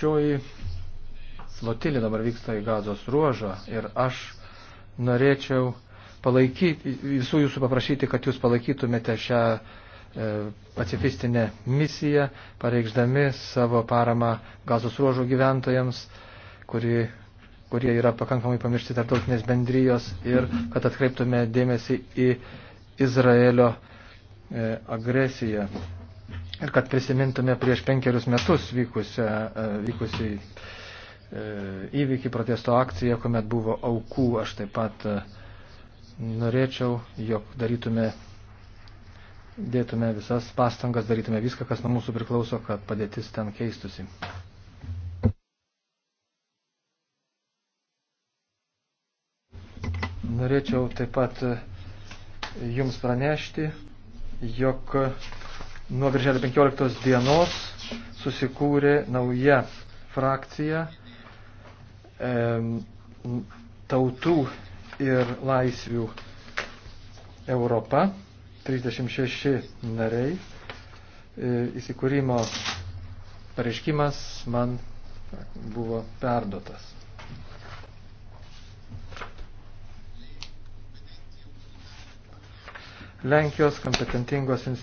Trečioji flotilė dabar vyksta į gazos ruožą ir aš norėčiau palaikyti, visų jūsų paprašyti, kad jūs palaikytumėte šią e, pacifistinę misiją, pareikšdami savo paramą gazos ruožo gyventojams, kuri, kurie yra pakankamai pamiršti tarptautinės bendrijos ir kad atkreiptume dėmesį į Izraelio e, agresiją ir kad prisimintume prieš penkerius metus vykusią, e, vykusį e, įvykį protesto akciją, kuomet buvo aukų. Aš taip pat e, norėčiau, jog darytume, dėtume visas pastangas, darytume viską, kas nuo mūsų priklauso, kad padėtis ten keistusi. Norėčiau taip pat Jums pranešti, jog Nuo virželio 15 dienos susikūrė nauja frakcija e, tautų ir laisvių Europa, 36 nariai. E, įsikūrimo pareiškimas man buvo perdotas. Lenkijos kompetentingos institucijos.